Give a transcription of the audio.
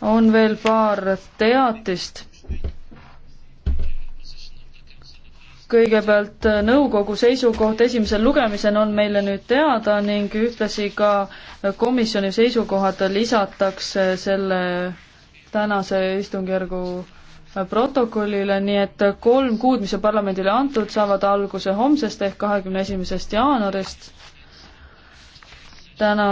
on veel paar teatist. kõigepealt äh, nõukogu seisukoht esimesel lugemisel on meile nüüd teada ning ühtlasi ka komisjoni seisukohad lisatakse selle tänase istungjärgu äh, protokollile, nii et kolm kuud, mis on parlamendile antud, saavad alguse homsest ehk kahekümne esimesest jaanuarist täna